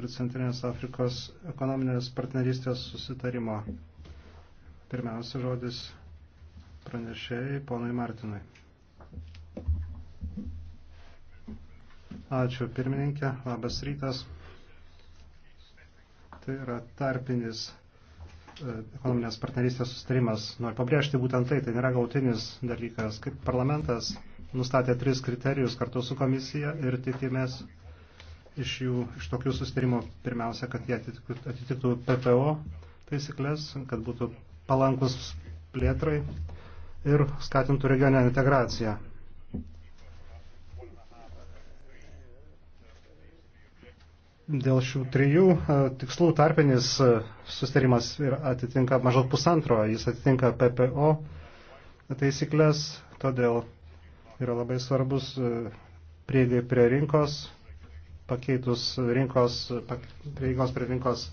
ir Centrinės Afrikos ekonominės partnerystės susitarimo. Pirmiausia žodis pranešėjai ponui Martinui. Ačiū pirmininkė, labas rytas. Tai yra tarpinis e, ekonominės partnerystės sustarimas. Noriu pabrėžti būtent tai, tai nėra gautinis dalykas. Kaip parlamentas nustatė tris kriterijus kartu su komisija ir tikimės iš jų, iš tokių sustarimų, pirmiausia, kad jie atitiktų, atitiktų PPO taisyklės, kad būtų palankus plėtrai ir skatintų regionę integraciją. Dėl šių trijų e, tikslų tarpinis e, sustarimas atitinka maždaug pusantro, jis atitinka PPO taisyklės, todėl yra labai svarbus e, prieigai prie rinkos pakeitus rinkos, prieigos prie rinkos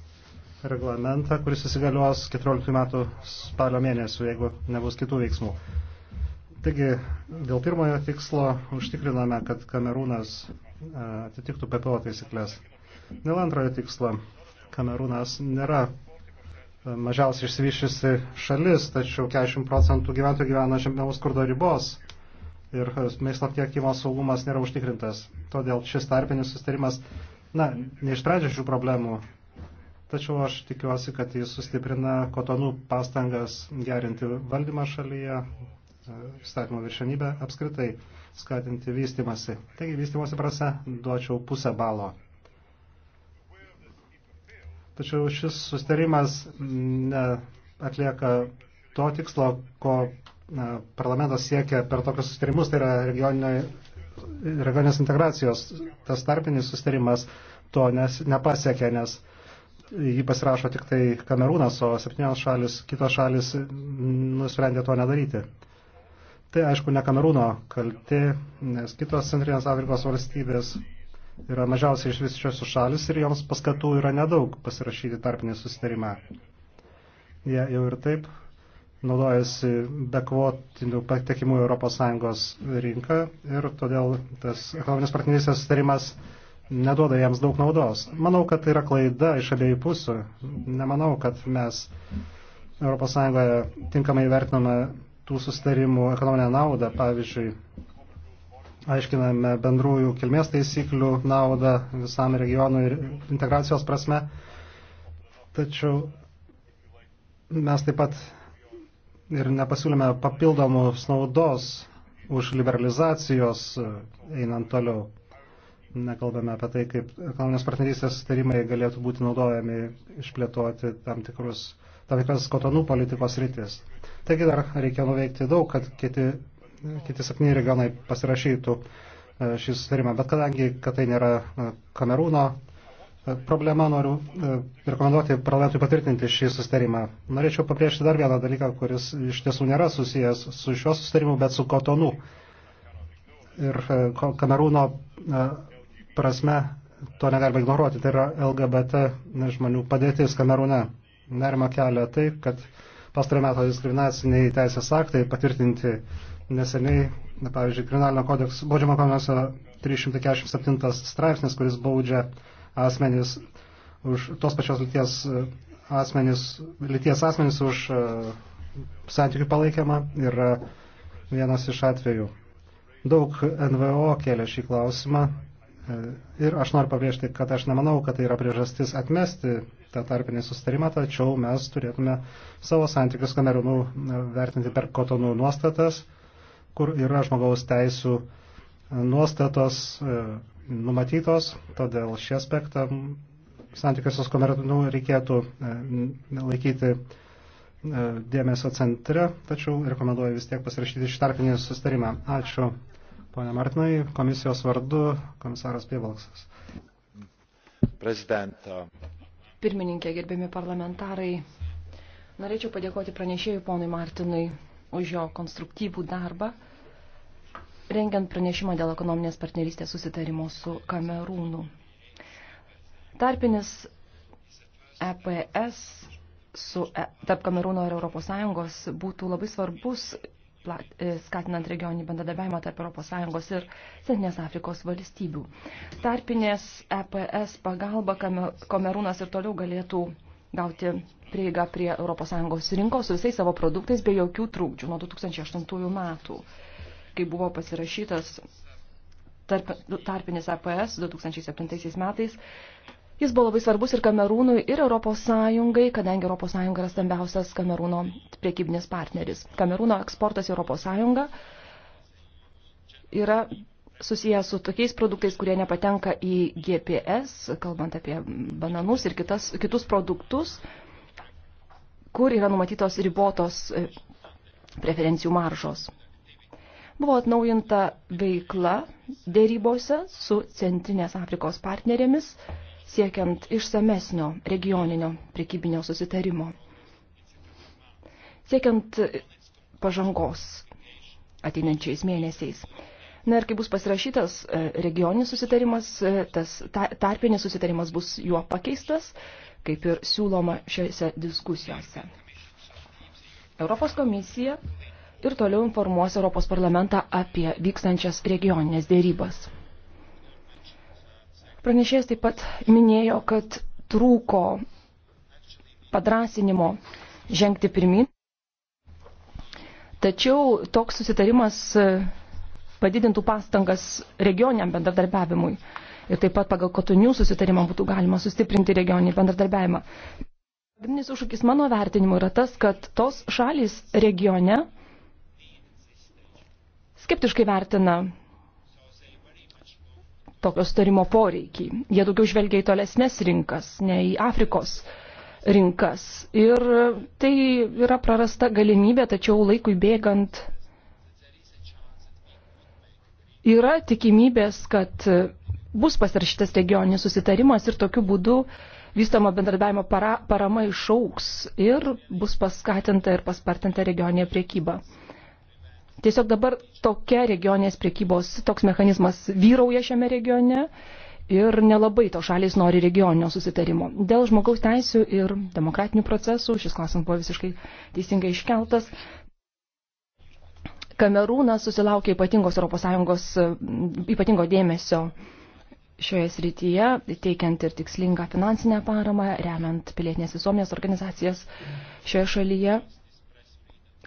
reglamentą, kuris įsigalios 14 metų spalio mėnesių, jeigu nebus kitų veiksmų. Taigi, dėl pirmojo tikslo užtikriname, kad Kamerūnas e, atitiktų PPO taisyklės. Dėl antrojo tikslo Kamerūnas nėra e, mažiausiai išsivyščiusi šalis, tačiau 40 procentų gyventojų gyvena žemiau skurdo ribos ir maisto tiekimo saugumas nėra užtikrintas. Todėl šis tarpinis sustarimas, na, neišsprendžia šių problemų, tačiau aš tikiuosi, kad jis sustiprina kotonų pastangas gerinti valdymą šalyje, įstatymo viršenybę apskritai, skatinti vystimasi. Taigi vystimosi prasme duočiau pusę balo. Tačiau šis sustarimas atlieka to tikslo, ko parlamentas siekia per tokius sustarimus, tai yra regioninės integracijos, tas tarpinis sustarimas to nes, nepasiekia, nes jį pasirašo tik tai Kamerūnas, o septynios šalis, kitos šalis nusprendė to nedaryti. Tai aišku, ne Kamerūno kalti, nes kitos Centrinės Afrikos valstybės yra mažiausiai iš visičiosios šalis ir joms paskatų yra nedaug pasirašyti tarpinį susitarimą. Jie ja, jau ir taip naudojasi bekvotinių patekimų ES rinką ir todėl tas ekonominės partnerystės sustarimas neduoda jiems daug naudos. Manau, kad tai yra klaida iš abiejų pusių. Nemanau, kad mes ES tinkamai vertiname tų sustarimų ekonominę naudą. Pavyzdžiui, aiškiname bendrųjų kilmės taisyklių naudą visam regionui ir integracijos prasme. Tačiau mes taip pat ir nepasiūlėme papildomus naudos už liberalizacijos e, einant toliau. Nekalbame apie tai, kaip ekonominės partnerystės tarimai galėtų būti naudojami išplėtoti tam, tikrus, tam tikras kotonų politikos rytis. Taigi dar reikia nuveikti daug, kad kiti, kiti septyni regionai pasirašytų e, šį sutarimą. Bet kadangi, kad tai nėra e, Kamerūno E, problema noriu e, rekomenduoti parlamentui patvirtinti šį sustarimą. Norėčiau papriešti dar vieną dalyką, kuris iš tiesų nėra susijęs su šiuo sustarimu, bet su kotonu. Ir e, Kamerūno prasme to negalima ignoruoti. Tai yra LGBT žmonių padėtis Kamerūne. Nerima kelia tai, kad pastarą metą diskriminaciniai teisės aktai patvirtinti neseniai, pavyzdžiui, kriminalinio kodeks, baudžiamo kodekso 347 straipsnis, kuris baudžia asmenys už tos pačios lyties e, asmenys, lyties asmenys už e, santykių palaikymą yra vienas iš atvejų. Daug NVO kėlė šį klausimą e, ir aš noriu pabrėžti, kad aš nemanau, kad tai yra priežastis atmesti tą tarpinį sustarimą, tačiau mes turėtume savo santykius Kamerūnų vertinti per kotonų nuostatas, kur yra žmogaus teisų nuostatos numatytos, todėl šį aspektą santykiuose su komercinu reikėtų e, laikyti e, dėmesio centre, tačiau rekomenduoju vis tiek pasirašyti šį tarpinį sustarimą. Ačiū, ponia Martinai, komisijos vardu komisaras Pievalksas. Prezidentą. Pirmininkė, gerbiami parlamentarai, norėčiau padėkoti pranešėjui ponui Martinui už jo konstruktyvų darbą rengiant pranešimą dėl ekonominės partnerystės susitarimo su Kamerūnu. Tarpinis EPS su, e, tarp Kamerūno ir ES būtų labai svarbus e, skatinant regioninį bendradarbiavimą tarp ES ir Centrinės Afrikos valstybių. Tarpinės EPS pagalba Kamerūnas ir toliau galėtų gauti prieigą prie ES rinkos su visais savo produktais be jokių trūkdžių nuo 2008 metų kai buvo pasirašytas tarp, tarpinis APS 2007 metais. Jis buvo labai svarbus ir Kamerūnui, ir Europos Sąjungai, kadangi Europos Sąjunga yra stambiausias Kamerūno priekybinis partneris. Kamerūno eksportas į Europos Sąjungą yra susijęs su tokiais produktais, kurie nepatenka į GPS, kalbant apie bananus ir kitas, kitus produktus, kur yra numatytos ribotos e, preferencijų maržos. Buvo atnaujinta veikla dėrybose su Centrinės Afrikos partnerėmis, siekiant išsamesnio regioninio prekybinio susitarimo. Siekiant pažangos ateinančiais mėnesiais. Na ir kai bus pasirašytas e, regioninis susitarimas, e, tas tarpinis susitarimas bus juo pakeistas, kaip ir siūloma šiose diskusijose. Europos komisija ir toliau informuos Europos parlamentą apie vykstančias regioninės dėrybas. Pranešėjas taip pat minėjo, kad trūko padrasinimo žengti pirmin. Tačiau toks susitarimas padidintų pastangas regioniam bendradarbiavimui. Ir taip pat pagal kotonių susitarimą būtų galima sustiprinti regioninį bendradarbiavimą. Pagrindinis užšūkis mano vertinimu yra tas, kad tos šalys regione skeptiškai vertina tokio starimo poreikį. Jie daugiau žvelgia į tolesnės rinkas, ne į Afrikos rinkas. Ir tai yra prarasta galimybė, tačiau laikui bėgant yra tikimybės, kad bus pasirašytas regioninis susitarimas ir tokiu būdu vystoma bendradarbiavimo para, parama išauks ir bus paskatinta ir paspartinta regioninė priekyba. Tiesiog dabar tokia regionės priekybos, toks mechanizmas vyrauja šiame regione ir nelabai to šalis nori regioninio susitarimo. Dėl žmogaus teisų ir demokratinių procesų, šis klausimas buvo visiškai teisingai iškeltas, Kamerūnas susilaukė ypatingos ES ypatingo dėmesio šioje srityje, teikiant ir tikslingą finansinę paramą, remiant pilietinės visuomenės organizacijas šioje šalyje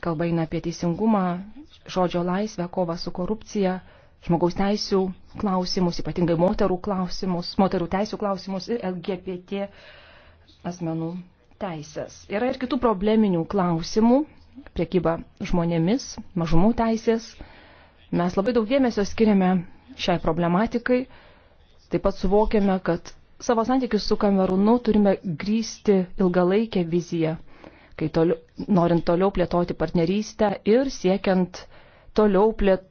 kalba eina apie teisingumą, žodžio laisvę, kovą su korupcija, žmogaus teisų klausimus, ypatingai moterų klausimus, moterų teisų klausimus ir LGBT asmenų teisės. Yra ir kitų probleminių klausimų, priekyba žmonėmis, mažumų teisės. Mes labai daug dėmesio skiriame šiai problematikai, taip pat suvokiame, kad savo santykius su Kamerūnu turime grįsti ilgalaikę viziją kai toliau, norint toliau plėtoti partnerystę ir siekiant toliau plėt,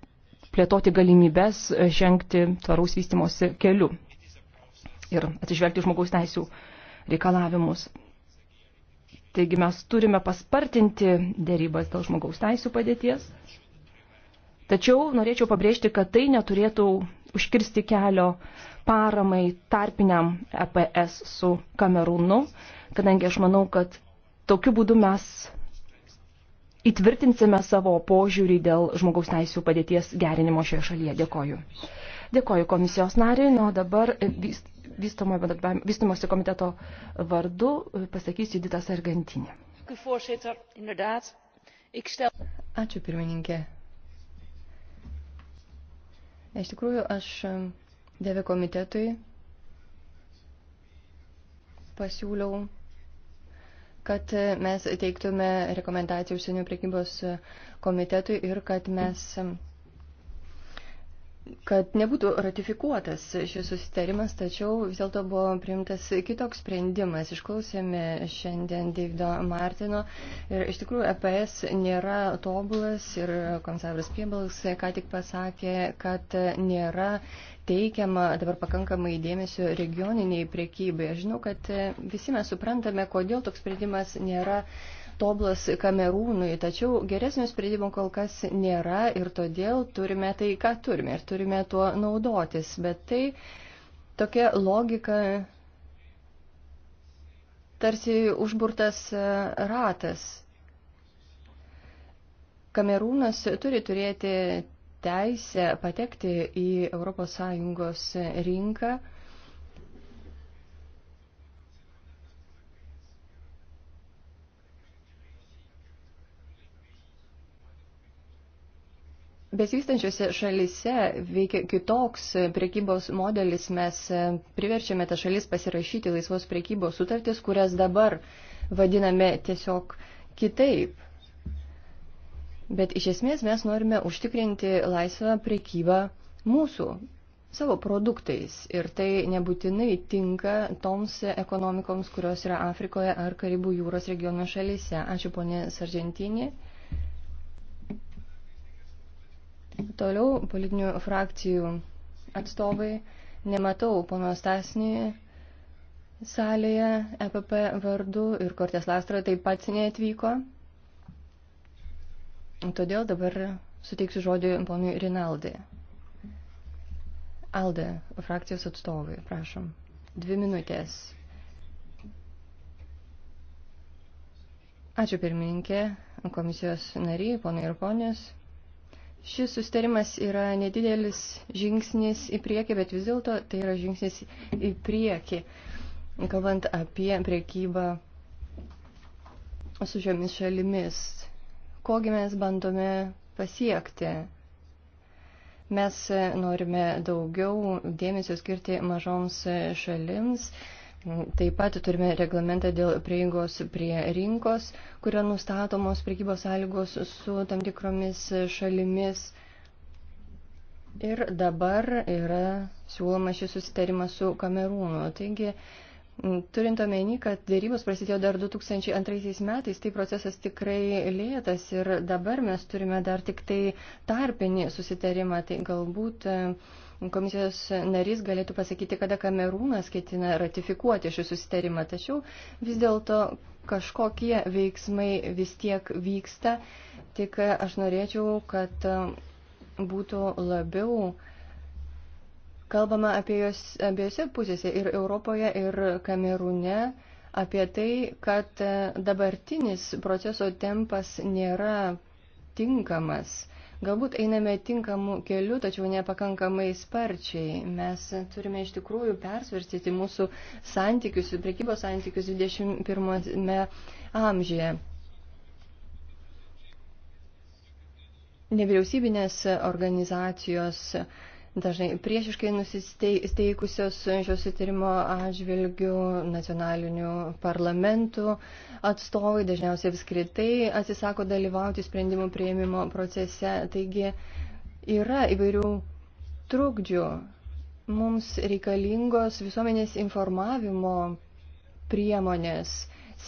plėtoti galimybės žengti tvaraus vystimosi keliu ir atsižvelgti žmogaus teisų reikalavimus. Taigi mes turime paspartinti dėrybas dėl žmogaus teisų padėties. Tačiau norėčiau pabrėžti, kad tai neturėtų užkirsti kelio paramai tarpiniam EPS su Kamerūnu, kadangi aš manau, kad Tokiu būdu mes įtvirtinsime savo požiūrį dėl žmogaus teisų padėties gerinimo šioje šalyje. Dėkoju. Dėkoju komisijos nariai. Nuo dabar vystomosi komiteto vardu pasakys Juditas Argentinė. Ačiū pirmininkė. Iš tikrųjų, aš dėvė komitetui pasiūliau kad mes teiktume rekomendaciją užsienio prekybos komitetui ir kad mes kad nebūtų ratifikuotas šis susitarimas, tačiau vis dėlto buvo priimtas kitoks sprendimas. Išklausėme šiandien Davido Martino ir iš tikrųjų EPS nėra tobulas ir komisaras Piebalks ką tik pasakė, kad nėra teikiama dabar pakankamai dėmesio regioniniai priekybai. Aš žinau, kad e, visi mes suprantame, kodėl toks sprendimas nėra tobulas Kamerūnui, tačiau geresnio sprendimo kol kas nėra ir todėl turime tai, ką turime ir turime tuo naudotis. Bet tai tokia logika tarsi užburtas e, ratas. Kamerūnas turi turėti teisę patekti į ES rinką. Besivystančiose šalise veikia kitoks priekybos modelis. Mes priverčiame tą šalis pasirašyti laisvos priekybos sutartis, kurias dabar vadiname tiesiog kitaip. Bet iš esmės mes norime užtikrinti laisvą prekybą mūsų savo produktais ir tai nebūtinai tinka toms ekonomikoms, kurios yra Afrikoje ar Karibų jūros regiono šalyse. Ačiū ponė Sargentinė. Toliau politinių frakcijų atstovai. Nematau pono Stasnį salėje EPP vardu ir Kortės Lastra taip pat neatvyko. Todėl dabar suteiksiu žodį ponui Rinaldė. Alde, frakcijos atstovai, prašom. Dvi minutės. Ačiū pirmininkė, komisijos nariai, ponai ir ponios. Šis sustarimas yra nedidelis žingsnis į priekį, bet vis dėlto tai yra žingsnis į priekį, kalbant apie priekybą su šiomis šalimis kogi mes bandome pasiekti. Mes norime daugiau dėmesio skirti mažoms šalims. Taip pat turime reglamentą dėl prieigos prie rinkos, kurio nustatomos prekybos sąlygos su tam tikromis šalimis. Ir dabar yra siūloma šis susitarimas su Kamerūnu. Taigi Mm, turint omeny, kad dėrybos prasidėjo dar 2002 metais, tai procesas tikrai lėtas ir dabar mes turime dar tik tai tarpinį susitarimą. Tai galbūt e, komisijos narys galėtų pasakyti, kada Kamerūnas ketina ratifikuoti šį susitarimą. Tačiau vis dėlto kažkokie veiksmai vis tiek vyksta. Tik aš norėčiau, kad e, būtų labiau Kalbama apie jos abiejose pusėse ir Europoje, ir Kamerūne apie tai, kad e, dabartinis proceso tempas nėra tinkamas. Galbūt einame tinkamu keliu, tačiau nepakankamai sparčiai. Mes turime iš tikrųjų persvarstyti mūsų santykius, prekybos santykius 21 amžiuje. Nevyriausybinės organizacijos uh, dažnai priešiškai nusisteikusios šios sutarimo atžvilgių nacionalinių parlamentų atstovai dažniausiai apskritai atsisako dalyvauti sprendimų prieimimo procese. Taigi yra įvairių trukdžių. Mums reikalingos visuomenės informavimo priemonės,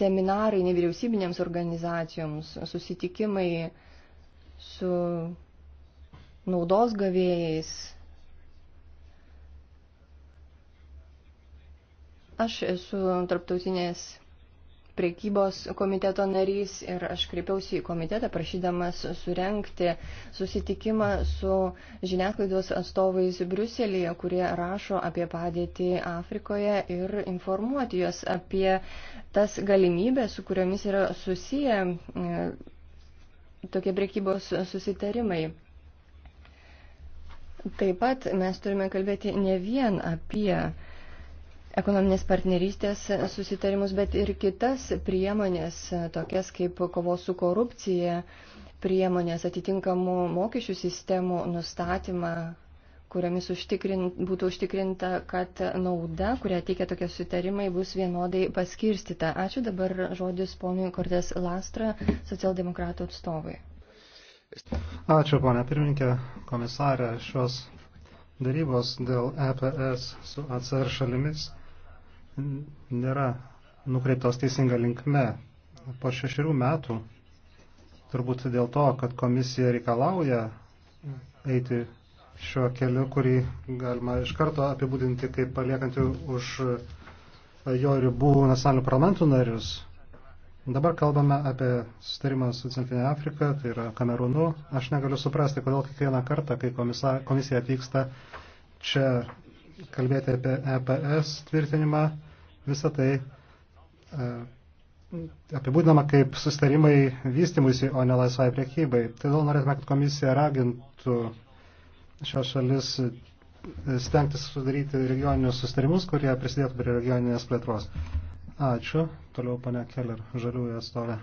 seminarai nevyriausybinėms organizacijoms, susitikimai su naudos gavėjais, Aš esu tarptautinės priekybos komiteto narys ir aš kreipiausi į komitetą prašydamas surenkti susitikimą su žiniasklaidos atstovais Briuselėje, kurie rašo apie padėtį Afrikoje ir informuoti juos apie tas galimybės, su kuriomis yra susiję e, tokie priekybos susitarimai. Taip pat mes turime kalbėti ne vien apie ekonominės partnerystės susitarimus, bet ir kitas priemonės, tokias kaip kovos su korupcija, priemonės atitinkamų mokesčių sistemų nustatymą, kuriamis užtikrin, būtų užtikrinta, kad nauda, kurią teikia tokie sutarimai, bus vienodai paskirstita. Ačiū dabar žodis ponui Kortės Lastra, socialdemokratų atstovui. Ačiū, ponė pirmininkė, komisarė, šios darybos dėl EPS su ACR šalimis nėra nukreiptos teisinga linkme. Po šešerių metų, turbūt dėl to, kad komisija reikalauja eiti šiuo keliu, kurį galima iš karto apibūdinti kaip paliekantį už jo ribų nacionalinių parlamentų narius. Dabar kalbame apie sustarimą su Centrinė Afrika, tai yra Kamerūnu. Aš negaliu suprasti, kodėl kiekvieną kartą, kai komisija atvyksta čia kalbėti apie EPS tvirtinimą, Visą tai e, apibūdinama kaip sustarimai vystimuisi, o ne laisvai priekybai. Todėl norėtume, kad komisija ragintų šios šalis stengtis sudaryti regioninius sustarimus, kurie prisidėtų prie regioninės plėtros. Ačiū. Toliau pane Keller, žaliųjų atstovė.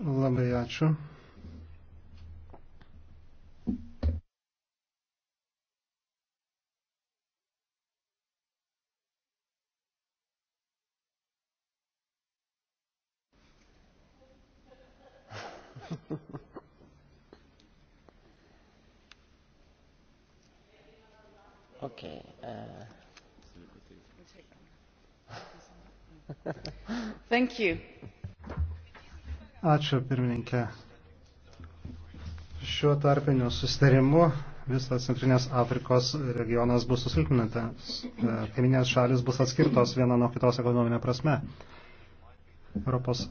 Labai ačiū. okay. Uh... Thank you. Ačiū, pirmininkė. Šiuo tarpiniu sustarimu visas Centrinės Afrikos regionas bus susilpnintas. Kaiminės šalis bus atskirtos viena nuo kitos ekonominė prasme. Europos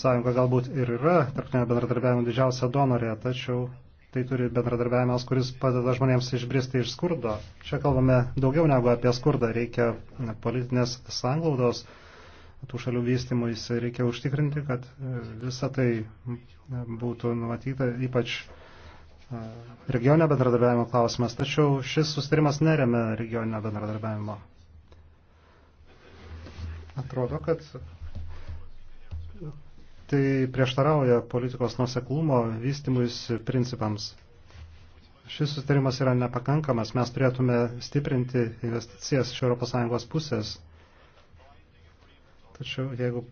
Sąjunga galbūt ir yra tarptinio bendradarbiavimo didžiausia donorė, tačiau tai turi bendradarbiavimas, kuris padeda žmonėms išbristi iš skurdo. Čia kalbame daugiau negu apie skurdą, reikia politinės sanglaudos tų šalių vystimuisi. Reikia užtikrinti, kad e, visa tai e, būtų numatyta, ypač e, regioninio bendradarbiavimo klausimas. Tačiau šis sustarimas neremia regioninio bendradarbiavimo. Atrodo, kad tai prieštarauja politikos nuseklumo vystimuisi principams. Šis sustarimas yra nepakankamas. Mes turėtume stiprinti investicijas iš ES pusės Tačiau jeigu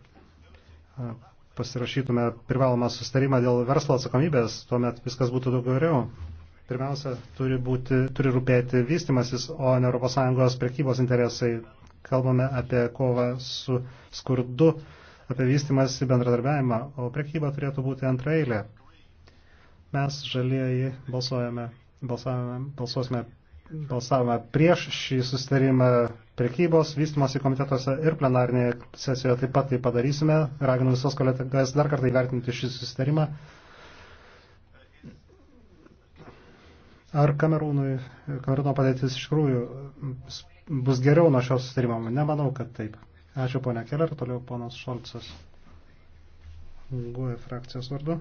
pasirašytume privalomą sustarimą dėl verslo atsakomybės, tuomet viskas būtų daug geriau. Pirmiausia, turi, būti, turi rūpėti vystimasis, o ne ES prekybos interesai. Kalbame apie kovą su skurdu, apie vystimasi bendradarbiavimą, o prekyba turėtų būti antraeilė. Mes žalieji balsuojame, balsavome, balsuosime, balsavome prieš šį sustarimą prekybos vystimosi komitetuose ir plenarnėje sesijoje taip pat tai padarysime. Raginu visos kolegas dar kartą įvertinti šį susitarimą. Ar Kamerūnui, Kamerūno padėtis iš tikrųjų bus geriau nuo šios susitarimo? Nemanau, kad taip. Ačiū ponia Keller, toliau ponas Šolcas. Guoja frakcijos vardu.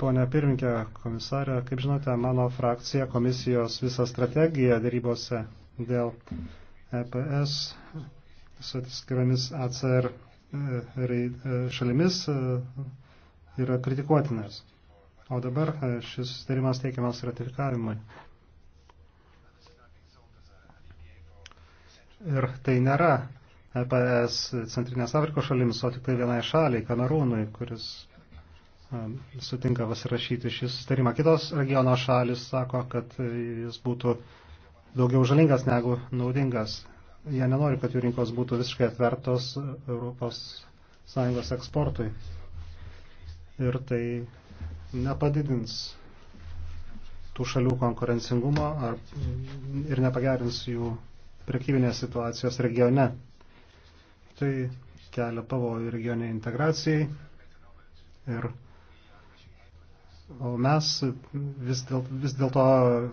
Pone pirminkė, komisarė, kaip žinote, mano frakcija, komisijos visa strategija darybose dėl EPS su atskiriamis ACR e, e, šalimis e, yra kritikuotinas. O dabar šis sutarimas teikiamas ratifikavimui. Ir tai nėra EPS Centrinės Afrikos šalims, o tik tai vienai šaliai, Kamerūnui, kuris sutinka pasirašyti šį sustarimą. Kitos regiono šalis sako, kad jis būtų daugiau žalingas negu naudingas. Jie nenori, kad jų rinkos būtų visiškai atvertos ES eksportui. Ir tai nepadidins tų šalių konkurencingumo ar, ir nepagerins jų prekybinės situacijos regione. Tai kelia pavojų regioniai integracijai ir O mes vis dėlto vis, dėl to,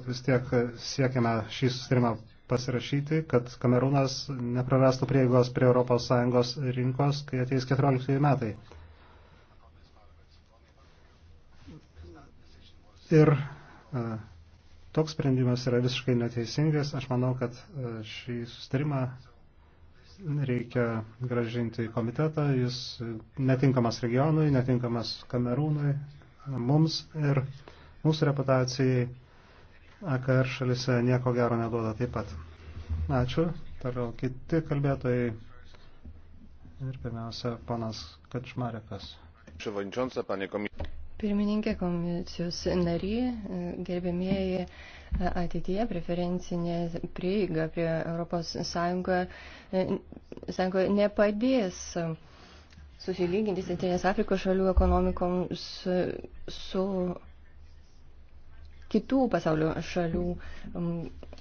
vis tiek siekiame šį sustarimą pasirašyti, kad Kamerūnas neprarastų prieigos prie ES rinkos, kai ateis 14 metai. Ir e, toks sprendimas yra visiškai neteisingas. Aš manau, kad e, šį sustarimą reikia gražinti į komitetą. Jis netinkamas regionui, netinkamas Kamerūnui, mums ir mūsų reputacijai AKR šalise nieko gero neduoda taip pat. Ačiū. Toliau kiti kalbėtojai. Ir pirmiausia, panas Kačmarekas. Pirmininkė komisijos nary, gerbėmieji ateityje preferencinė prieiga prie Europos Sąjungoje, Sąjungoje nepadės susilyginti Centrinės Afrikos šalių ekonomikom su, su kitų pasaulio šalių um,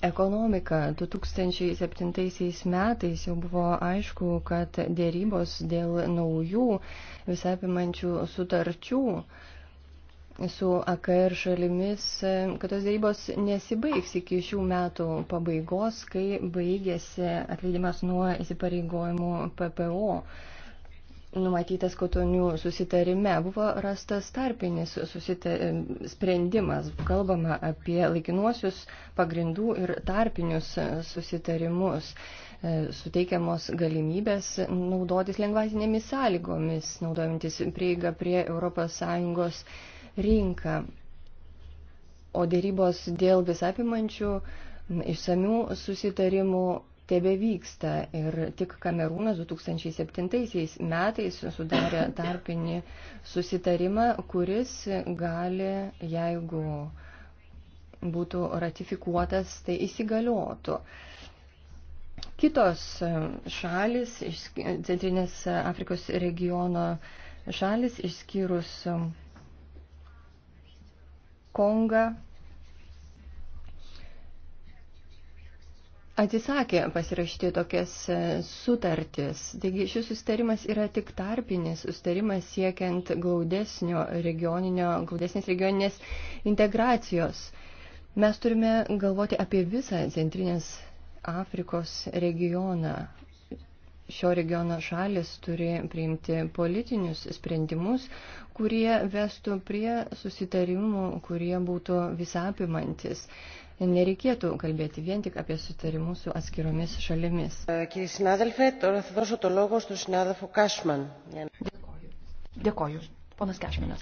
ekonomika. 2007 metais jau buvo aišku, kad dėrybos dėl naujų visapimančių sutarčių su AKR šalimis, kad tos dėrybos nesibaigs iki šių metų pabaigos, kai baigėsi atleidimas nuo įsipareigojimų PPO numatytas kotonių susitarime, buvo rastas tarpinis susita... sprendimas. Kalbama apie laikinuosius pagrindų ir tarpinius susitarimus, e, suteikiamos galimybės naudotis lengvatinėmis sąlygomis, naudojantis prieiga prie ES rinką. O dėrybos dėl visapimančių išsamių susitarimų tebe vyksta ir tik Kamerūnas 2007 metais sudarė tarpinį susitarimą, kuris gali, jeigu būtų ratifikuotas, tai įsigaliotų. Kitos šalis, Centrinės Afrikos regiono šalis, išskyrus Kongą, atsisakė pasirašyti tokias e, sutartis. Taigi šis sustarimas yra tik tarpinis sustarimas siekiant glaudesnio regioninio, glaudesnės regioninės integracijos. Mes turime galvoti apie visą centrinės Afrikos regioną. Šio regiono šalis turi priimti politinius sprendimus, kurie vestų prie susitarimų, kurie būtų visapimantis nereikėtų kalbėti vien tik apie sutarimus su atskiromis šalimis. E, Dėkoju. Dėkoju. Ponas Kešminas.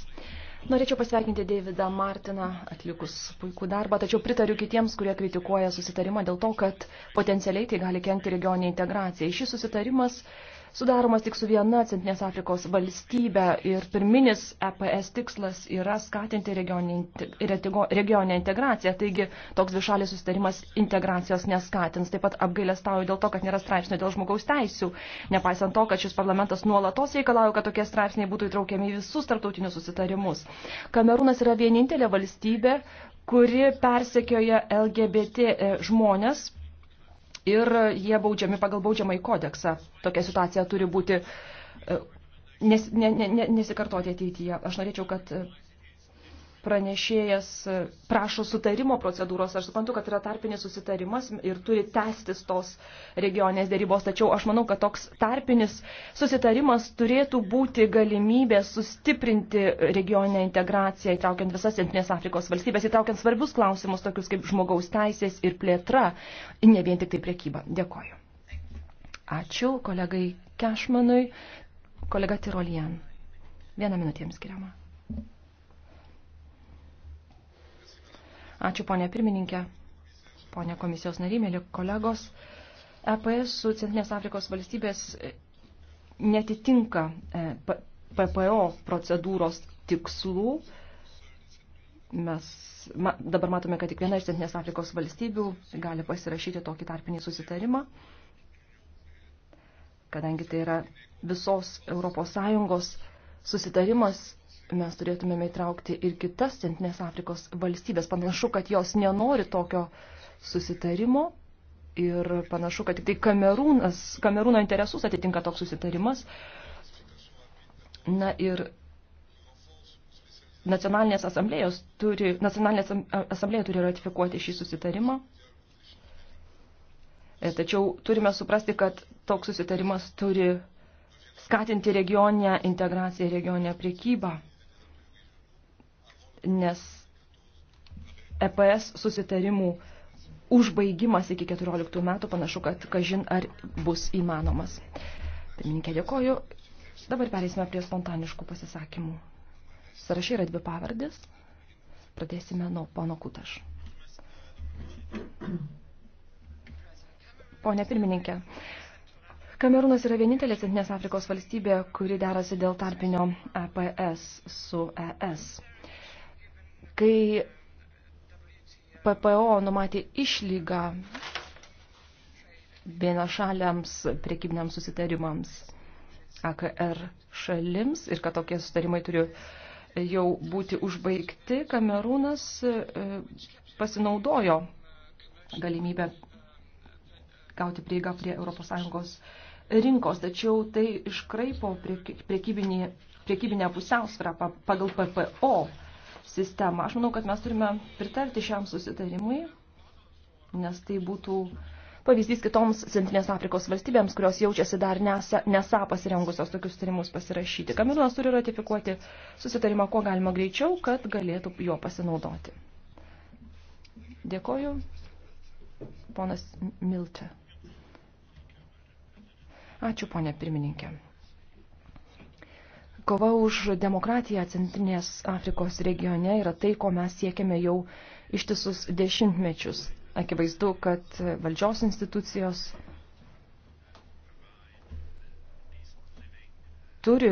Norėčiau pasveikinti Davidą Martiną atlikus puikų darbą, tačiau pritariu kitiems, kurie kritikuoja susitarimą dėl to, kad potencialiai tai gali kenkti regioniai integracijai. Šis susitarimas uh, sudaromas tik su viena Centrinės Afrikos valstybė ir pirminis EPS tikslas yra skatinti regioninę integraciją, taigi toks višalis susitarimas integracijos neskatins. Taip pat apgailestauju dėl to, kad nėra straipsnio dėl žmogaus teisių, nepaisant to, kad šis parlamentas nuolatos reikalauja, kad tokie straipsniai būtų įtraukiami į visus tarptautinius susitarimus. Kamerūnas yra vienintelė valstybė, kuri persekioja LGBT e, žmonės ir jie baudžiami pagal baudžiamąjį kodeksą. Tokia situacija turi būti e, nes, ne, ne, nesikartoti ateityje. Aš norėčiau, kad e, pranešėjas e, prašo sutarimo procedūros. Aš suprantu, kad yra tarpinis susitarimas ir turi tęstis tos regionės dėrybos, tačiau aš manau, kad toks tarpinis susitarimas turėtų būti galimybė sustiprinti regioninę integraciją, įtraukiant visas Centrinės Afrikos valstybės, įtraukiant svarbius klausimus, tokius kaip žmogaus teisės ir plėtra, ne vien tik tai priekyba. Dėkoju. Ačiū kolegai Kešmanui, kolega Tirolijan. Vieną minutę jums skiriama. Ačiū, ponė pirmininkė, ponė komisijos nariai, mėly kolegos. EPS su Centrinės Afrikos valstybės e, netitinka e, PPO procedūros tikslų. Mes ma, dabar matome, kad tik viena iš Centrinės Afrikos valstybių gali pasirašyti tokį tarpinį susitarimą, kadangi tai yra visos Europos Sąjungos susitarimas mes turėtumėme įtraukti ir kitas Centrinės Afrikos valstybės. Panašu, kad jos nenori tokio susitarimo ir panašu, kad tik tai Kamerūnas, Kamerūno interesus atitinka toks susitarimas. Na ir nacionalinės asamblėjos turi, nacionalinė asamblėja turi ratifikuoti šį susitarimą. E, tačiau turime suprasti, kad toks susitarimas turi skatinti regioninę integraciją, regioninę priekybą nes EPS susitarimų užbaigimas iki 14 metų panašu, kad kažin ar bus įmanomas. Pirmininkė, dėkoju. Dabar pereisime prie spontaniškų pasisakymų. Sarašai yra dvi pavardės. Pradėsime nuo pono Kutaš. Pone pirmininkė, Kamerūnas yra vienintelė Centrinės Afrikos valstybė, kuri derasi dėl tarpinio EPS su ES. Kai PPO numatė išlygą vienašaliams priekybiniams susitarimams AKR šalims ir kad tokie susitarimai turi jau būti užbaigti, Kamerūnas e, pasinaudojo galimybę gauti prieigą prie ES rinkos, tačiau tai iškraipo priekybinę pusiausvyrą pagal PPO sistemą. Aš manau, kad mes turime pritarti šiam susitarimui, nes tai būtų pavyzdys kitoms Centrinės Afrikos valstybėms, kurios jaučiasi dar nesa, nesa pasirengusios tokius sutarimus pasirašyti. Kamerūnas turi ratifikuoti susitarimą kuo galima greičiau, kad galėtų juo pasinaudoti. Dėkoju. Ponas Milčia. Ačiū, ponė pirmininkė. Kova už demokratiją Centrinės Afrikos regione yra tai, ko mes siekiame jau ištisus dešimtmečius. Akivaizdu, kad valdžios institucijos turi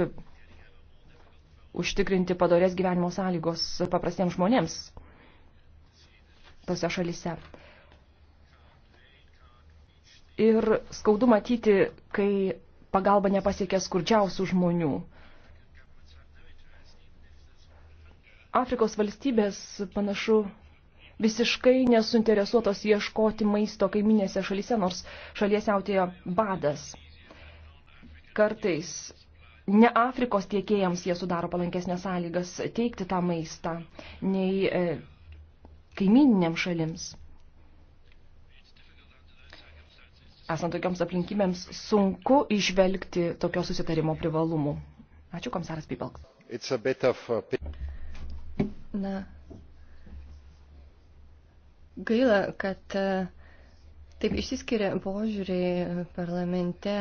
užtikrinti padorės gyvenimo sąlygos paprastiems žmonėms tose šalyse. Ir skaudu matyti, kai pagalba nepasiekia skurdžiausių žmonių – Afrikos valstybės panašu visiškai nesuinteresuotos ieškoti maisto kaiminėse šalyse, nors šalies jautėjo badas. Kartais ne Afrikos tiekėjams jie sudaro palankesnės sąlygas teikti tą maistą, nei e, kaimininiam šalims. Esant tokioms aplinkybėms sunku išvelgti tokio susitarimo privalumų. Ačiū, komisaras Pibalks. Na, gaila, kad e, taip išsiskiria požiūriai parlamente.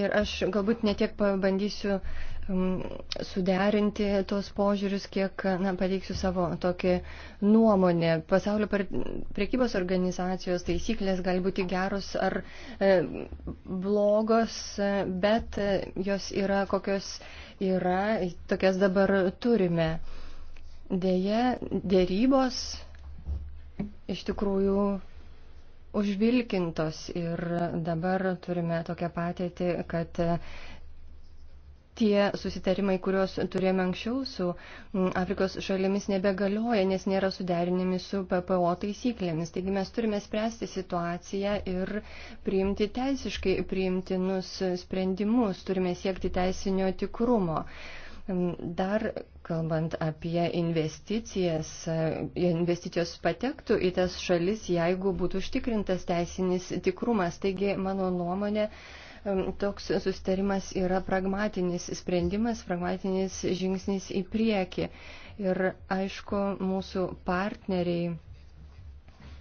Ir aš galbūt netiek pabandysiu um, suderinti tos požiūrius, kiek na, pateiksiu savo tokį nuomonę. Pasaulio priekybos organizacijos taisyklės gali būti geros ar e, blogos, bet e, jos yra kokios yra, tokias dabar turime. Deja, dėrybos iš tikrųjų užvilkintos ir dabar turime tokią patėtį, kad tie susitarimai, kuriuos turėjome anksčiau su mm, Afrikos šalimis, nebegalioja, nes nėra suderinami su PPO taisyklėmis. Taigi mes turime spręsti situaciją ir priimti teisiškai priimtinus sprendimus, turime siekti teisinio tikrumo. Mm, dar kalbant apie investicijas, e, investicijos patektų į tas šalis, jeigu būtų užtikrintas teisinis tikrumas. Taigi, mano nuomonė, mm, toks sustarimas yra pragmatinis sprendimas, pragmatinis žingsnis į priekį. Ir aišku, mūsų partneriai,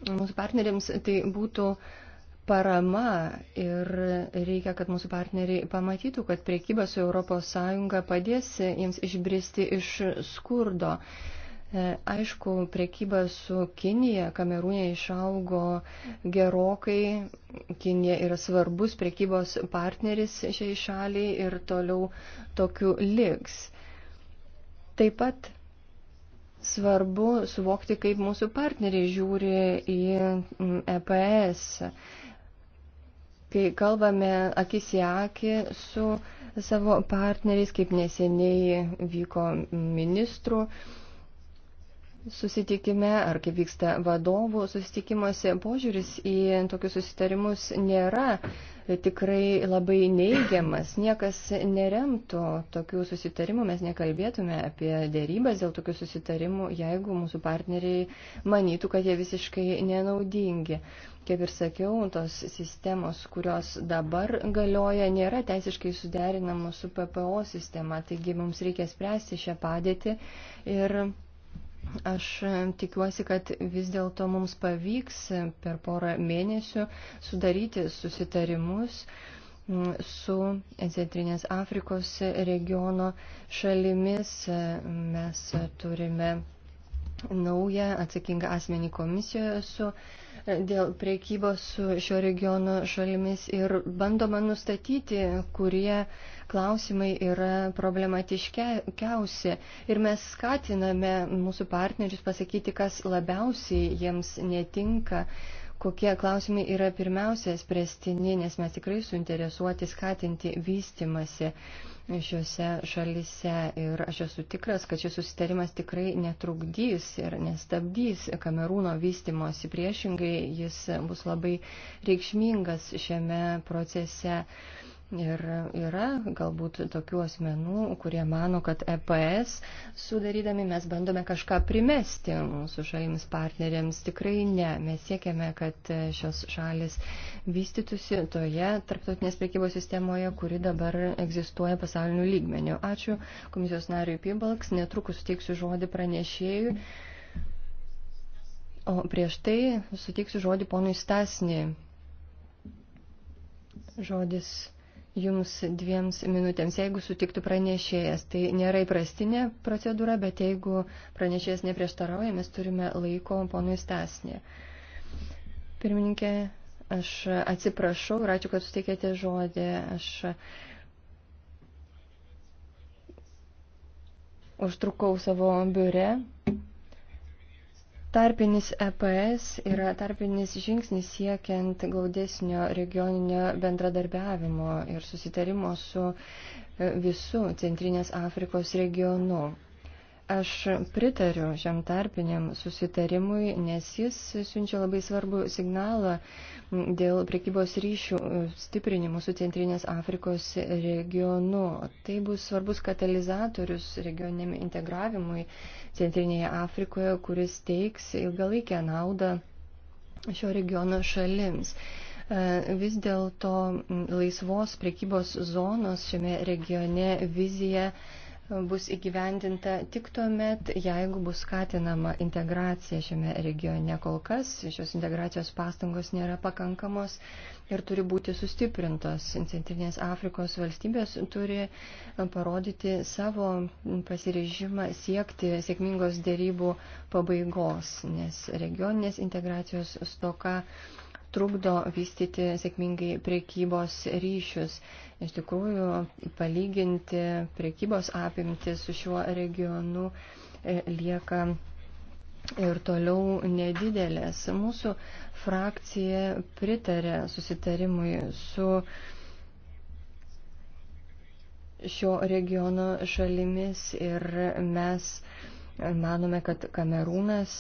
mūsų partneriams tai būtų uh, parama ir reikia, kad mūsų partneriai pamatytų, kad priekyba su ES padės jiems išbristi iš skurdo. E, aišku, priekyba su Kinija Kamerūnė išaugo gerokai. Kinija yra svarbus priekybos partneris šiai šaliai ir toliau tokiu liks. Taip pat svarbu suvokti, kaip mūsų partneriai žiūri į mm, EPS kai kalbame akis į akį su savo partneriais, kaip neseniai vyko ministrų susitikime ar kaip vyksta vadovų susitikimuose, požiūris į tokius susitarimus nėra tikrai labai neigiamas. Niekas neremtų tokių susitarimų, mes nekalbėtume apie dėrybas dėl tokių susitarimų, jeigu mūsų partneriai manytų, kad jie visiškai nenaudingi. Kaip ir sakiau, tos sistemos, kurios dabar galioja, nėra teisiškai suderinamos su PPO sistema, taigi mums reikia spręsti šią padėtį ir Aš e, tikiuosi, kad vis dėlto mums pavyks e, per porą mėnesių sudaryti susitarimus su Centrinės Afrikos regiono šalimis. E, mes turime naują atsakingą asmenį komisijoje su dėl priekybos su šio regiono šalimis ir bandoma nustatyti, kurie klausimai yra problematiškiausi. Ir mes skatiname mūsų partnerius pasakyti, kas labiausiai jiems netinka kokie klausimai yra pirmiausia spręstini, nes mes tikrai suinteresuoti skatinti vystimasi šiuose šalise. Ir aš esu tikras, kad šis susitarimas tikrai netrukdys ir nestabdys Kamerūno vystimosi. Priešingai, jis bus labai reikšmingas šiame procese. Ir yra galbūt tokių asmenų, kurie mano, kad EPS sudarydami mes bandome kažką primesti mūsų šalims partneriams. Tikrai ne. Mes siekiame, kad šios šalis vystytųsi toje tarptautinės priekybos sistemoje, kuri dabar egzistuoja pasauliniu lygmeniu. Ačiū komisijos nariui Pibalks. Netrukus suteiksiu žodį pranešėjui. O prieš tai suteiksiu žodį ponui Stasni. Žodis jums dviems minutėms, jeigu sutiktų pranešėjas. Tai nėra įprastinė procedūra, bet jeigu pranešėjas neprieštarauja, mes turime laiko ponui Stasnė. Pirmininkė, aš atsiprašau ir ačiū, kad suteikėte žodį. Aš užtrukau savo biure Tarpinis EPS yra tarpinis žingsnis siekiant glaudesnio regioninio bendradarbiavimo ir susitarimo su e, visų Centrinės Afrikos regionu. Aš pritariu šiam tarpiniam susitarimui, nes jis siunčia labai svarbų signalą dėl prekybos ryšių stiprinimų su Centrinės Afrikos regionu. Tai bus svarbus katalizatorius regioniam integravimui Centrinėje Afrikoje, kuris teiks ilgalaikę naudą šio regiono šalims. Vis dėlto laisvos prekybos zonos šiame regione vizija bus įgyvendinta tik tuo met, jeigu bus skatinama integracija šiame regione. Kol kas šios integracijos pastangos nėra pakankamos ir turi būti sustiprintos. Centrinės Afrikos valstybės turi e, parodyti savo pasirežimą siekti sėkmingos dėrybų pabaigos, nes regioninės integracijos stoka trukdo vystyti sėkmingai priekybos ryšius. Iš tikrųjų, palyginti priekybos apimti su šiuo regionu e, lieka ir toliau nedidelės. Mūsų frakcija pritarė susitarimui su šio regiono šalimis ir mes Manome, kad Kamerūnas,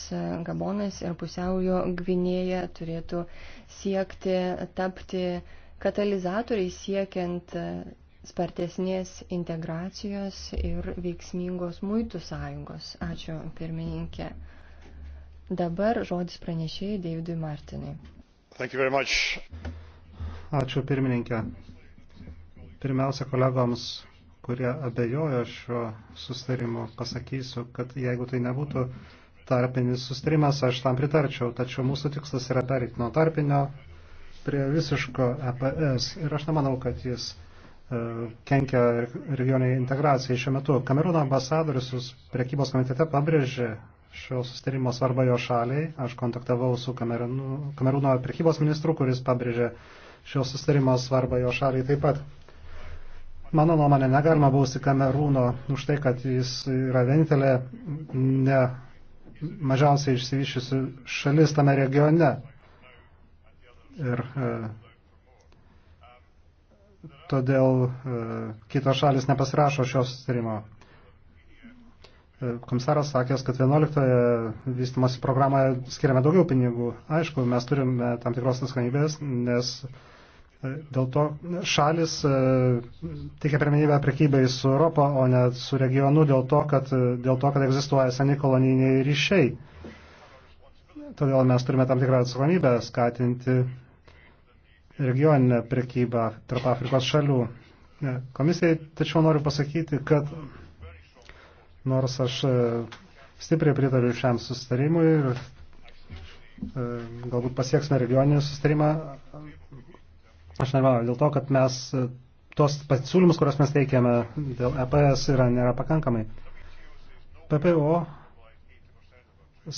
Gabonas ir pusiaujo Gvinėja turėtų siekti tapti katalizatoriai siekiant spartesnės integracijos ir veiksmingos muitų sąjungos. Ačiū, pirmininkė. Dabar žodis pranešėjai Davidui Martinui. Ačiū, pirmininkė. Pirmiausia, kolegoms kurie abejojo šio sustarimu, pasakysiu, kad jeigu tai nebūtų tarpinis sustarimas, aš tam pritarčiau, tačiau mūsų tikslas yra pereiti nuo tarpinio prie visiško EPS ir aš nemanau, kad jis e, kenkia regioniai integracijai šiuo metu. Kamerūno ambasadorius priekybos komitete pabrėžė šio sustarimo svarbą jo šaliai. Aš kontaktavau su Kamerūno priekybos ministru, kuris pabrėžė šio sustarimo svarbą jo šaliai taip pat. Mano nuomonė, negalima bausti Kamerūno už tai, kad jis yra vienintelė ne mažiausiai išsivyščiusi šalis tame regione. Ir e, todėl e, kitos šalis nepasirašo šios sustarimo. E, komisaras sakęs, kad 11 vystimosi programoje skiriame daugiau pinigų. Aišku, mes turime tam tikros atsakomybės, nes e, Dėl to šalis e, teikia pirmenybę prekybai su Europą, o ne su regionu dėl to, kad, e, dėl to, kad egzistuoja seni koloniniai ryšiai. Todėl mes turime tam tikrą atsakomybę skatinti regioninę prekybą tarp Afrikos šalių. E, komisijai tačiau noriu pasakyti, kad nors aš stipriai pritariu šiam sustarimui ir galbūt pasieksime regioninį sustarimą, Aš nemanau, dėl to, kad mes e, tos pasiūlymus, kuriuos mes teikiame dėl EPS, yra, nėra pakankamai. PPO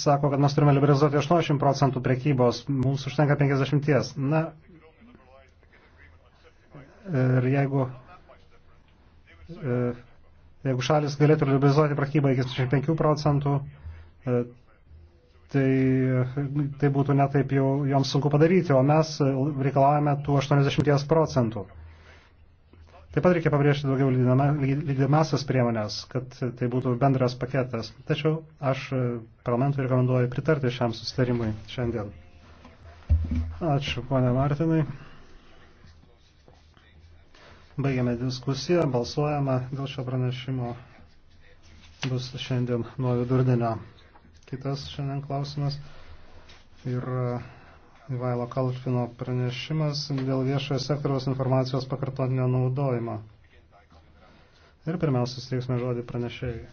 sako, kad mes turime liberalizuoti 80 procentų prekybos, mums užtenka 50. Na, ir jeigu, e, jeigu šalis galėtų liberalizuoti prekybą iki 75 procentų, e, tai, tai būtų netaip jau joms sunku padaryti, o mes reikalavome tų 80 procentų. Taip pat reikia pabrėžti daugiau lydimasias priemonės, kad tai būtų bendras paketas. Tačiau aš parlamentui rekomenduoju pritarti šiam susitarimui šiandien. Ačiū, ponė Martinai. Baigiame diskusiją, balsuojama dėl šio pranešimo bus šiandien nuo vidurdienio. Kitas šiandien klausimas yra e, Ivailo Kalfino pranešimas dėl viešojo sektoriaus informacijos pakartotinio naudojimo. Ir pirmiausia, steiksime žodį pranešėjai.